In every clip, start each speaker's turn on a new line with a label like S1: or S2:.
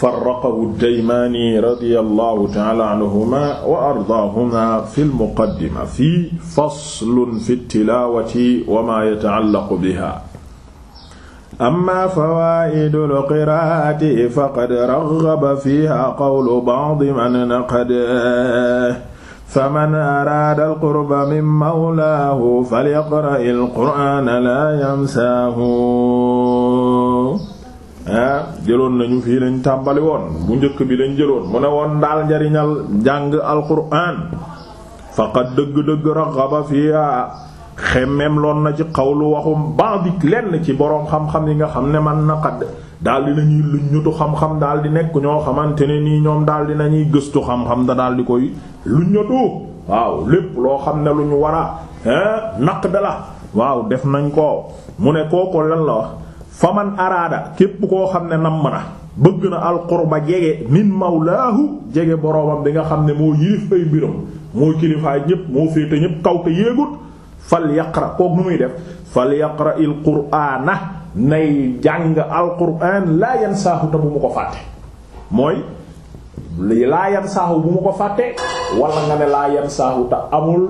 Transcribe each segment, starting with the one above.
S1: farraqahu Daymaani radiyallahu ta'ala anhuma wa ardaahuma fil muqaddima fii faslun fi tilaawati wa maa yata'allaqu bihaa. amma fawaa'idul qiraa'ati faqad raghaba fiihaa qawlu ba'di man naqada faman araada alqurba min mawlaahu falyaqra'il qur'aana laa yansaahu ah jëloon nañu fii lañ tàmbali woon bu njëkk bi lañ jëloon mu ne woon daal njariñal jàng alquran faqad dëgg-dëgg raxaba fiha xemmem loon na ci waxu waxum bandik lenn ci boroom xam-xam yi nga xam ne man na xadd daal di nañuy luñ xam-xam daal di nekk ñoo xamante ne nii ñoom daal di nañuy gëstu xam-xam da daal di koy luñ ñutu waaw lépp loo xam ne lu ñu war a naq da la waaw def nañ ko mu ne kooku lan la wax fa man araada képp koo xam ne namm na bëgg na alqurba jege min mawlaahu jege boroomam bi nga xam ne moo yilif ay biram moo kilifaay ñépp moo féete ñépp kaw ko yéegut fal yaqra kook nu muy def fal yaqra il quraana nay jàng alquraan laa yan saaxu te bu mu ko fàtte mooy laa saaxu bu mu ko fàtte wala nga ne laa saaxu te amul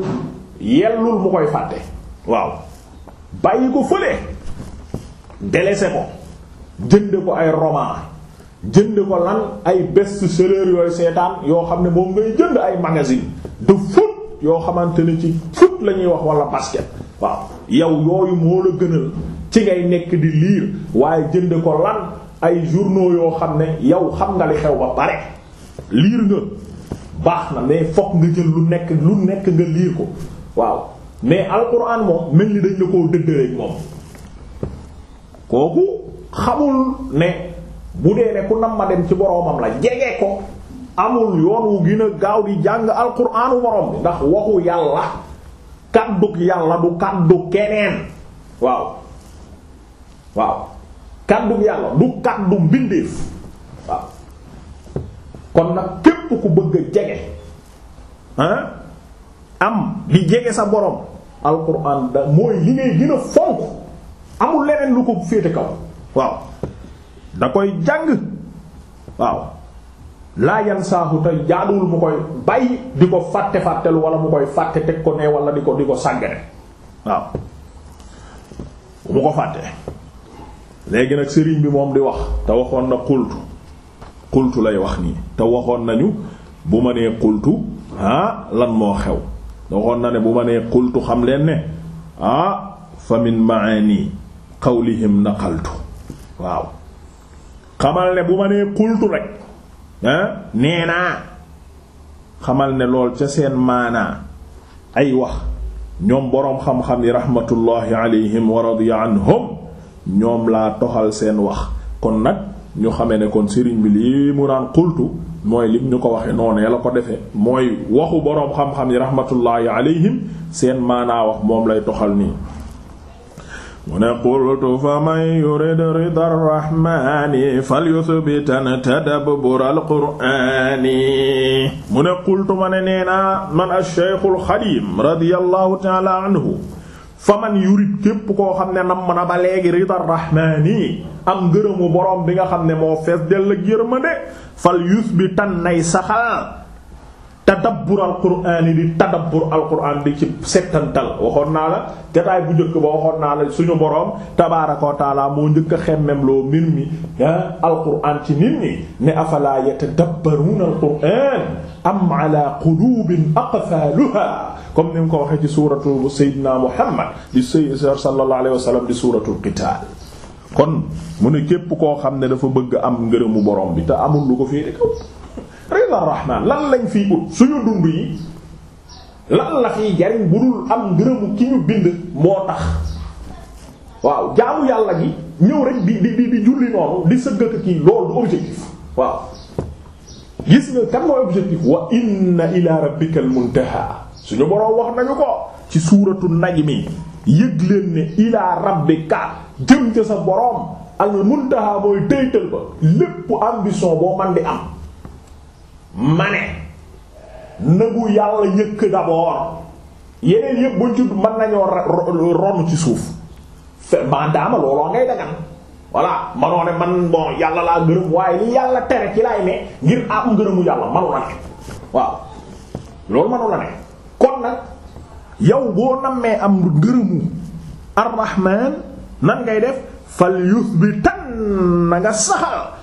S1: yellul mu koy fàtte waaw bàyyi ko fële délaissé ko jënd ko ay roman jënd ko lan ay best-seller yooyu seetaan yoo xam ne moom ngay jënd ay magazine de foot yoo xamante ne ci foot la ñuy wax wala basket waaw yow yooyu moo la gënal ci ngay nekk di lire waaye jënd ko lan ay journaux yoo xam ne yow xam nga li xew ba pare lire nga baax na mais fokk nga jën lu nekk lu nekk nga lire ko waaw mais alxuraan moom mel ni dañ la koo dëddaleek moom kooku xamul ne bu dee ne ku nam ma dem ci boroomam la jege ko amul yoon wu gën gaaw di jàng alquraanu borom bi ndax waxu yàlla kàddug yàlla du kàddug keneen waaw waaw kàddug yàlla du kon nag képp ku bëgg a jege ah am di jege sa borom alquraan da mooy li ngay gën fonk amul leneen lu ko féete kaw waaw da koy jàng waaw laa saaku saahu te jaaduwul mu koy bàyyi di ko fàtte fàttelu wala mu koy fàtte teg ko nee wala di ko di ko sàggane waaw mu ko fàtte léegi nag sëriñ bi moom di wax te waxoon na xultu xultu lay wax nii te waxoon nañu bu ma nee xultu ah lan moo xew waxoon na ne bu ma nee xultu xam leen ne ah famin maani qawlihim naqaltu waaw xamal ne bu ma nee qultu rek ah, nee naa xamal ne lool ca seen maanaa ay wax ñoom boroom xam-xam yi rahmatullahi alayhim wa radiya anhum ñoom laa toxal seen wax kon nag ñu xamee ne kon sëriñ bi lii mu naan qultu mooy lim ñu ko waxe noonee la ko defee mooy waxu boroom xam-xam yi rahmatullahi alayhim seen maanaa wax moom lay toxal nii mu ne qultu fa man yurid rida arrahmani falyuthbitan tadabbur alqur'ani mu ne qultu ma ne nee naa man asheikhul xadim radiyallahu taala anhu fa man yurid képp koo xam ne nam na ba léegi rida arrahmani am ngërëmu borom bi nga xam ne moo fees dell ak yërmande falyuthbitan nay saxal tadabbur alquraan di tadabbur alquraan di ci settantal waxoon naa la jotaay bu jëkk ba waxoon naa la suñu boroom tabaaraka wa moo njëkk a xemmem loo mbir mi ah, alquraan ci nit ñi ne afalaa yatadabbaruuna alquraan am ala quluubin aqfaaluhaa comme ni mu ko waxee ci suuratu Seydina Muhammad di Seydina sallallahu alayhi wa sallam di suuratul qitaal kon mu ne képp koo xam ne dafa bëgg am ngërëmu boroom bi te amul lu ko féete kaw illa rahmaan lan lañ fiy ut suñu dund yi lan la jariñ bu dul am ngërëmu ki ñu bind moo tax waaw jaamu yàlla gi ñëw rek di di di julli noonu di sëggaka kii loolu du objectif waaw gis nga kan mooy objectif wa inna ila rabbikal muntaha suñu boroom wax nañu ko ci suuratu najmi yëg leen ne ila rabbika jëm ca sa boroom al muntaha mooy tëytal ba lépp ambition boo man di am ma ne nëbu yàlla njëkk d'abord yeneen yëpp bu ci mën nañoo ronu ci suuf maadaama looloo ngay dagan voilà manoo ne man bon yàlla laa gërëm waaye li yàlla tere ci laay ne ngir am ngërëmu yàlla manu la ne waaw loolu manu la ne kon nag yow boo nammee am ngërëmu arrahman nan ngay def fal yuthbitan na nga saxal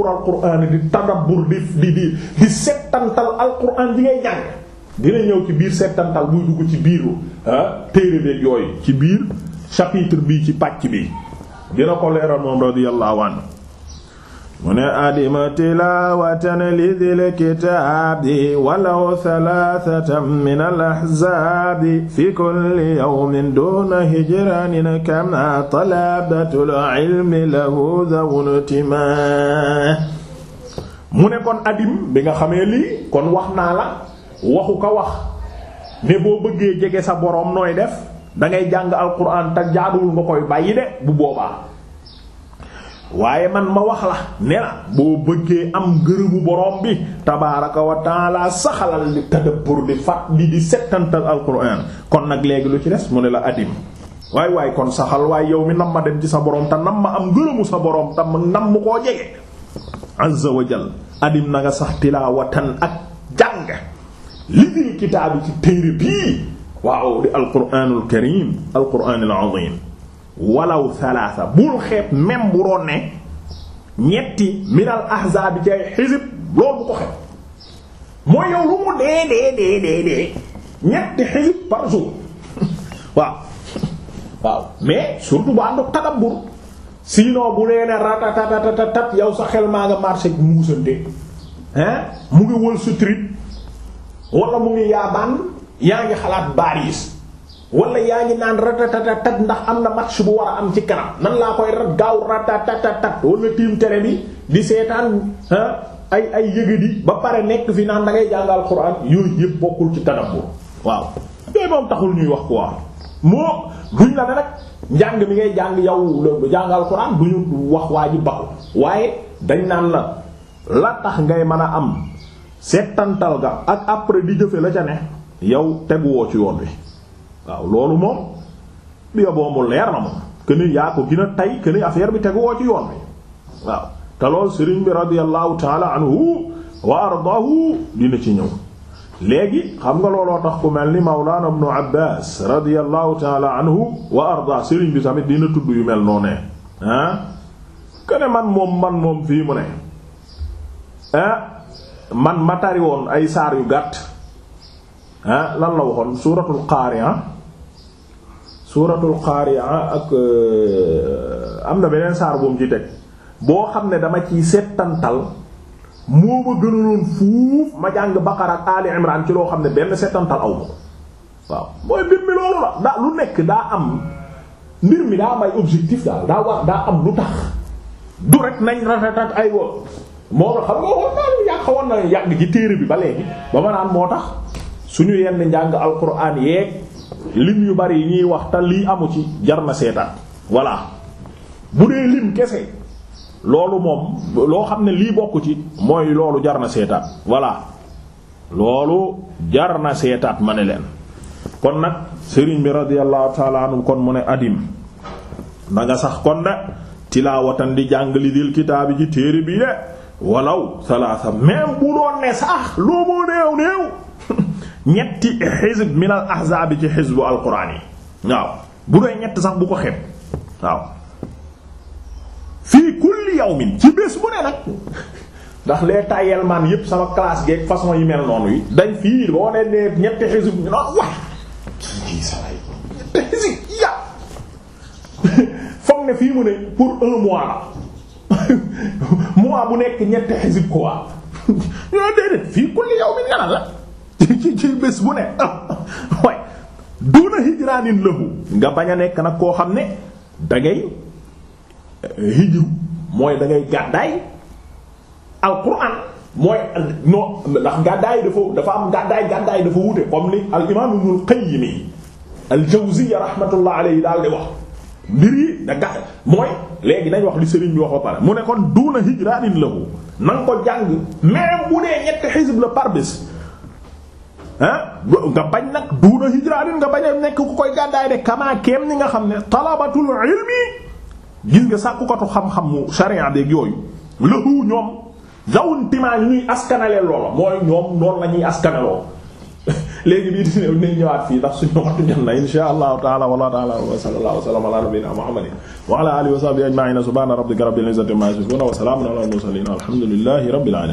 S1: tadabbur al quraan di tadabbur di di di di settantal al quraan di ngay jàng dina ñëw ci biir settantal buy dugg ci biiru ah téere beeg yooyu ci biir chapitre bi ci pàcc bi dina ko leeral moom radiyallahu anhu mu ne adima tilaawatan lidil kitaabi walaw thalathatan min al ahzaabi fi kulli yawmin duna hijranin kama talabatul ilmi lahu dhawun tima mu ne kon adim bi nga xamee lii kon wax naa la waxu ko wax ne boo bëggee jege sa boroom nooy def dangay jàng alquran te jaaduwul nga koy bàyyi de bu boobaa waaye man ma wax la ne la boo bëggee am ngërëmu borom bi tabaaraka wa taala saxalal di tadabbur di fat di di settantal alquran kon nag léegi lu ci des mu ne la adim waaye waaye kon saxal waaye yow mi nam ma dem ci sa boroom te nam ma am ngërëmu sa boroom te nam mu koo jege azza wa jal adim na nga sax tilaawatan ak jàng li di kitaabi ci téere bii waaw di alquranul karim alquranul azim walaw salaasa bul xeeb même bu doon ne ñetti minal ahzaab ci xisib loolu bu ko xeeb mooy yow lu mu dee dee dee dee ñetti xisib par waaw waaw mais surtout bu ànd ak tadabbur sinon bu nee ratatatatat yow sa xel maa nga marché muusante mu ngi wël su trip mu ngi yaabaan yaa ngi xalaat baris wala yaa ngi naan ratatatatat ndax am na match bu war a am ci kanam nan laa koy rat gaaw ratatatatat wala tiim tere bi di seetaan ah, ay ay yëgadi ba pare nekk fi naan dangay ngay jàngal Alxuraan yooyu yëpp bokkul ci tadabbur waaw. yooyu moom taxul ñuy wax quoi moo duñ la ne nag njàng mi ngay jàng yow loolu jàngal Alxuraan du ñu wax waa ji baaxul waaye dañ naan la la tax ngay mën a am seetantal ga ak après di jëfe la ca ne yow woo ci yoon wi. waaw loolu moom yoboo mu leer na moom këni yaa ko gën a tay këni affaire bi teguwoo ci yoon bi waaw te lool sëriñ bi radiyallahu taala anhu wa ardaahu dina ci ñëw léegi xam nga looloo tax ku mel ni mawlana ibnu abbas radiyallahu taala anhu wa arda sëriñ bi tamit dina tudd yu mel noonee ah këne man moom man moom fii mu ne man ma tari woon ay saar yu gàtt lan la waxoon suratul qaari'a suuratul qaari'a ak euh, am na beneen saar bu mu ci teg boo xam ne dama ci settantal moo ma gënaloon fuuf ma jàng Baqara ak Ali ci loo xam ne benn settantal aw ma ko waaw mooy mbir mi loolu la lu nekk daa am mbir mi daa am objectif daal daa wax daa am lu tax du rek nañ rafetat ay wo moo nga xam nga woon yàq woon na yàgg ci téere bi ba léegi ba ma naan moo tax suñu yenn njàng alquran yeeg lim yu bari yi ñuy wax lii amu ci jar na seetaat voilà bu dee lim kese loolu moom loo xam ne lii bokk ci mooy loolu jar na seetaat voilà loolu jar na seetaat ma ne leen kon nag sëriñ bi radiyallahu ta'ala anhu kon mu ne adim na sax kon de tilaawatan di jàng li dil kitaabi ci téere bi de walaw salaasa même bu doon ne sax loo moo néew néew ñetti xizb min al ahzaab ci xizbu al quraan yi waaw bu dee ñett sax bu ko xeeb waaw fii kulli yawmin ci bés bu ne nag ndax les tayelmaan yépp sama classe geeg façon yi mel noonu yi dañ fii boo ne nee ñetti xizb ñu noonu ñetti xizb ya foog ne fii mu ne pour un mois la mois bu nekk ñetti xizb quoi déedéet fii kulli yawmin la ci ci bés bu ne way duna hijraanin lahu nga bañ a nekk nag koo xam ne dangay eh, hijru mooy dangay gàddaay alquran mooy non ndax gàddaay dafa dafa am gàddaay gàddaay dafa wute comme ni al imaam ibnul qayyim al-jawziyya rahmatullah alayhi daal di wax mbir yi da gàtt mooy léegi nañ wax li sëriñ bi wax ba pare mu ne kon duuna hijraanin lahu na ko jàng même bu dee ñetti xisib la par bés nga bañ nag duuna hijraatin nga bañ nekk ku koy gàddaay de kamaa ni nga xam ne talabatul ilmi gis nga sàkkukatu xam-xam mu sharia beeg yooyu lëhu ñoom zawuntimaa yu ñuy askanale loola mooy ñoom noonu la ñuy askanaloo léegi bii di ne ñëwaat fii ndax suñu waxtu jot na insha allahu taala wala taala wa sallallahu wa sallam wa ala alihi wa sahbihi alhamdulillahi rabbil alamin